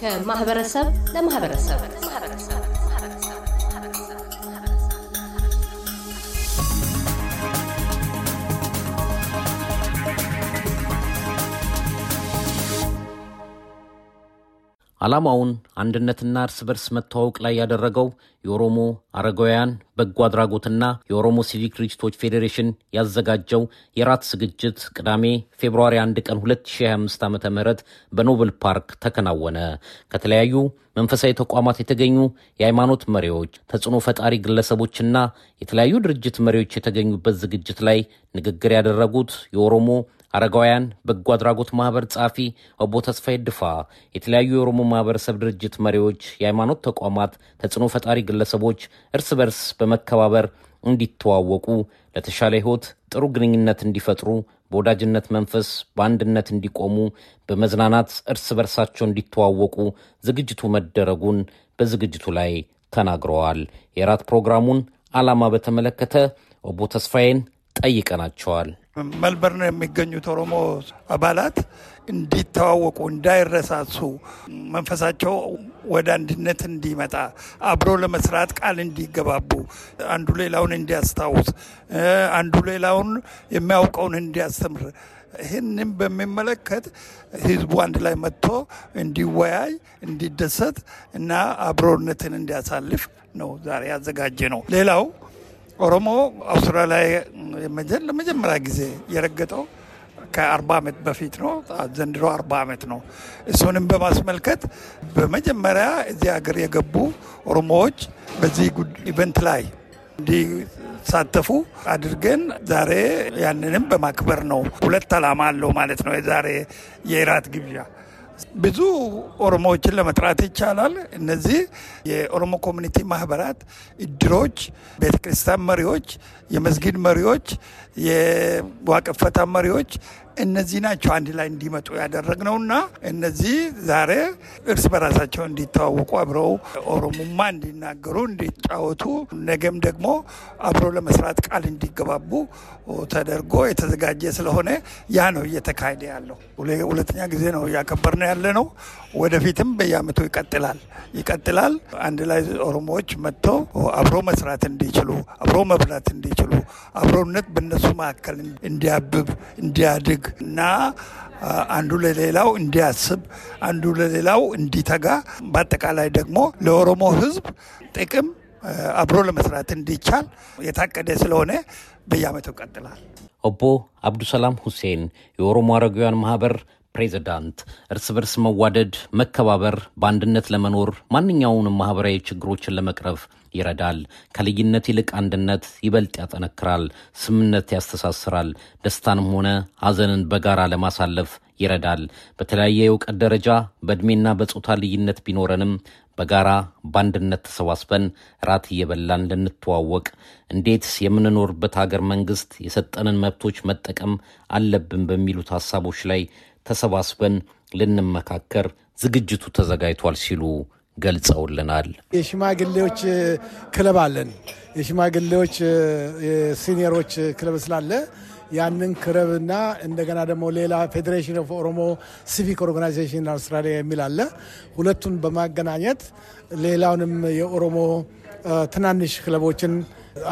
ከማህበረሰብ ለማህበረሰብ ዓላማውን አንድነትና እርስ በርስ መተዋወቅ ላይ ያደረገው የኦሮሞ አረጋውያን በጎ አድራጎትና የኦሮሞ ሲቪክ ድርጅቶች ፌዴሬሽን ያዘጋጀው የራት ዝግጅት ቅዳሜ ፌብርዋሪ 1 ቀን 2025 ዓ ም በኖብል ፓርክ ተከናወነ። ከተለያዩ መንፈሳዊ ተቋማት የተገኙ የሃይማኖት መሪዎች፣ ተጽዕኖ ፈጣሪ ግለሰቦችና የተለያዩ ድርጅት መሪዎች የተገኙበት ዝግጅት ላይ ንግግር ያደረጉት የኦሮሞ አረጋውያን በጎ አድራጎት ማህበር ጸሐፊ አቦ ተስፋ ድፋ፣ የተለያዩ የኦሮሞ ማህበረሰብ ድርጅት መሪዎች፣ የሃይማኖት ተቋማት፣ ተጽዕኖ ፈጣሪ ግለሰቦች እርስ በርስ በመከባበር እንዲተዋወቁ ለተሻለ ህይወት ጥሩ ግንኙነት እንዲፈጥሩ በወዳጅነት መንፈስ በአንድነት እንዲቆሙ በመዝናናት እርስ በርሳቸው እንዲተዋወቁ ዝግጅቱ መደረጉን በዝግጅቱ ላይ ተናግረዋል። የራት ፕሮግራሙን ዓላማ በተመለከተ ኦቦ ተስፋዬን ጠይቀናቸዋል። መልበርን የሚገኙት ኦሮሞ አባላት እንዲተዋወቁ፣ እንዳይረሳሱ፣ መንፈሳቸው ወደ አንድነት እንዲመጣ፣ አብሮ ለመስራት ቃል እንዲገባቡ፣ አንዱ ሌላውን እንዲያስታውስ፣ አንዱ ሌላውን የሚያውቀውን እንዲያስተምር ይህንም በሚመለከት ህዝቡ አንድ ላይ መጥቶ እንዲወያይ፣ እንዲደሰት እና አብሮነትን እንዲያሳልፍ ነው ዛሬ ያዘጋጀ ነው። ሌላው ኦሮሞ አውስትራሊያ ለመጀመሪያ ጊዜ የረገጠው ከአርባ ዓመት በፊት ነው። ዘንድሮ አርባ ዓመት ነው። እሱንም በማስመልከት በመጀመሪያ እዚህ ሀገር የገቡ ኦሮሞዎች በዚህ ኢቨንት ላይ እንዲሳተፉ አድርገን ዛሬ ያንንም በማክበር ነው። ሁለት ዓላማ አለው ማለት ነው የዛሬ የኢራት ግብዣ ብዙ ኦሮሞዎችን ለመጥራት ይቻላል። እነዚህ የኦሮሞ ኮሚኒቲ ማህበራት፣ እድሮች፣ ቤተክርስቲያን መሪዎች፣ የመስጊድ መሪዎች፣ የዋቀፈታ መሪዎች እነዚህ ናቸው አንድ ላይ እንዲመጡ ያደረግ ያደረግነውና እነዚህ ዛሬ እርስ በራሳቸው እንዲተዋወቁ አብረው ኦሮሞማ እንዲናገሩ፣ እንዲጫወቱ ነገም ደግሞ አብሮ ለመስራት ቃል እንዲገባቡ ተደርጎ የተዘጋጀ ስለሆነ ያ ነው እየተካሄደ ያለው። ሁለተኛ ጊዜ ነው እያከበርነው ያለ ነው። ወደፊትም በየአመቱ ይቀጥላል ይቀጥላል። አንድ ላይ ኦሮሞዎች መጥተው አብሮ መስራት እንዲችሉ፣ አብሮ መብላት እንዲችሉ፣ አብሮነት በነሱ መካከል እንዲያብብ እንዲያድግ እንዲያድግ እና አንዱ ለሌላው እንዲያስብ፣ አንዱ ለሌላው እንዲተጋ፣ በአጠቃላይ ደግሞ ለኦሮሞ ሕዝብ ጥቅም አብሮ ለመስራት እንዲቻል የታቀደ ስለሆነ በየአመቱ ቀጥላል። ኦቦ አብዱሰላም ሁሴን የኦሮሞ አረጋውያን ማህበር ፕሬዚዳንት እርስ በርስ መዋደድ፣ መከባበር፣ በአንድነት ለመኖር ማንኛውንም ማህበራዊ ችግሮችን ለመቅረፍ ይረዳል። ከልዩነት ይልቅ አንድነት ይበልጥ ያጠነክራል፣ ስምነት ያስተሳስራል፣ ደስታንም ሆነ ሐዘንን በጋራ ለማሳለፍ ይረዳል። በተለያየ የእውቀት ደረጃ በዕድሜና በጾታ ልዩነት ቢኖረንም በጋራ በአንድነት ተሰባስበን ራት እየበላን ልንተዋወቅ እንዴት የምንኖርበት ሀገር መንግስት የሰጠንን መብቶች መጠቀም አለብን በሚሉት ሀሳቦች ላይ ተሰባስበን ልንመካከር ዝግጅቱ ተዘጋጅቷል ሲሉ ገልጸውልናል። የሽማግሌዎች ክለብ አለን። የሽማግሌዎች ሲኒየሮች ክለብ ስላለ ያንን ክለብና እንደገና ደግሞ ሌላ ፌዴሬሽን ኦፍ ኦሮሞ ሲቪክ ኦርጋናይዜሽን አውስትራሊያ የሚል አለ። ሁለቱን በማገናኘት ሌላውንም የኦሮሞ ትናንሽ ክለቦችን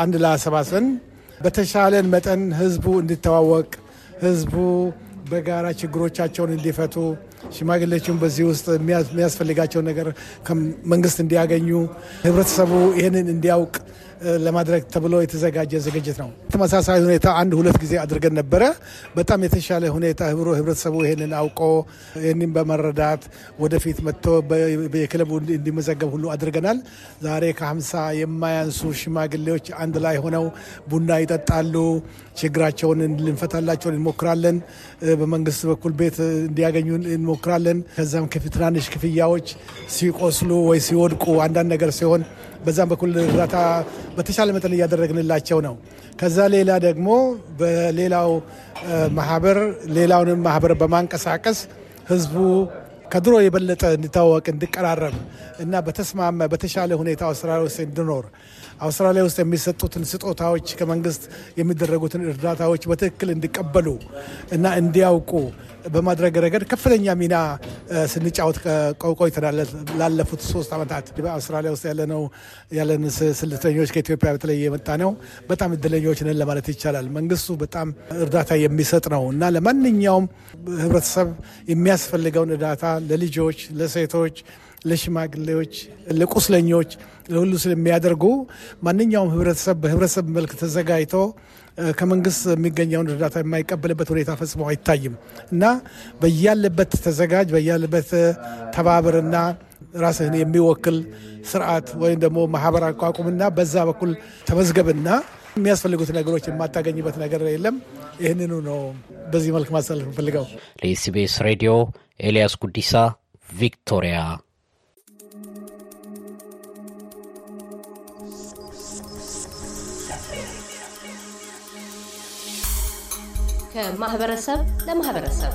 አንድ ላይ አሰባስበን በተሻለን መጠን ህዝቡ እንዲተዋወቅ ህዝቡ በጋራ ችግሮቻቸውን እንዲፈቱ ሽማግሌዎችን በዚህ ውስጥ የሚያስፈልጋቸው ነገር መንግስት እንዲያገኙ ህብረተሰቡ ይህንን እንዲያውቅ ለማድረግ ተብሎ የተዘጋጀ ዝግጅት ነው። ተመሳሳይ ሁኔታ አንድ ሁለት ጊዜ አድርገን ነበረ። በጣም የተሻለ ሁኔታ ህብሮ ህብረተሰቡ ይህንን አውቆ ይህንን በመረዳት ወደፊት መጥቶ የክለቡ እንዲመዘገብ ሁሉ አድርገናል። ዛሬ ከሀምሳ የማያንሱ ሽማግሌዎች አንድ ላይ ሆነው ቡና ይጠጣሉ። ችግራቸውን ልንፈታላቸውን እንሞክራለን። በመንግስት በኩል ቤት እንዲያገኙ እንሞክራለን። ከዛም ትናንሽ ክፍያዎች ሲቆስሉ ወይ ሲወድቁ አንዳንድ ነገር ሲሆን በዛም በኩል እርዳታ በተሻለ መጠን እያደረግንላቸው ነው። ከዛ ሌላ ደግሞ በሌላው ማህበር ሌላውንም ማህበር በማንቀሳቀስ ህዝቡ ከድሮ የበለጠ እንዲታወቅ እንዲቀራረብ እና በተስማመ በተሻለ ሁኔታ አውስትራሊያ ውስጥ እንዲኖር አውስትራሊያ ውስጥ የሚሰጡትን ስጦታዎች ከመንግስት የሚደረጉትን እርዳታዎች በትክክል እንዲቀበሉ እና እንዲያውቁ በማድረግ ረገድ ከፍተኛ ሚና ስንጫወት ቆይተናል። ላለፉት ሶስት ዓመታት አውስትራሊያ ውስጥ ያለነው ያለን ስደተኞች ከኢትዮጵያ በተለይ የመጣ ነው በጣም እድለኞች ነን ለማለት ይቻላል። መንግስቱ በጣም እርዳታ የሚሰጥ ነው እና ለማንኛውም ህብረተሰብ የሚያስፈልገውን እርዳታ ለልጆች፣ ለሴቶች ለሽማግሌዎች፣ ለቁስለኞች፣ ለሁሉ ስለሚያደርጉ ማንኛውም ህብረተሰብ በህብረተሰብ መልክ ተዘጋጅቶ ከመንግስት የሚገኘውን እርዳታ የማይቀበልበት ሁኔታ ፈጽሞ አይታይም እና በያለበት ተዘጋጅ በያለበት ተባብርና ራስህን የሚወክል ስርዓት ወይም ደግሞ ማህበር አቋቁምና በዛ በኩል ተመዝገብና የሚያስፈልጉት ነገሮች የማታገኝበት ነገር የለም። ይህንኑ ነው በዚህ መልክ ማሳለፍ ንፈልገው። ለኤስቢኤስ ሬዲዮ ኤልያስ ጉዲሳ ቪክቶሪያ። ከማህበረሰብ ለማህበረሰብ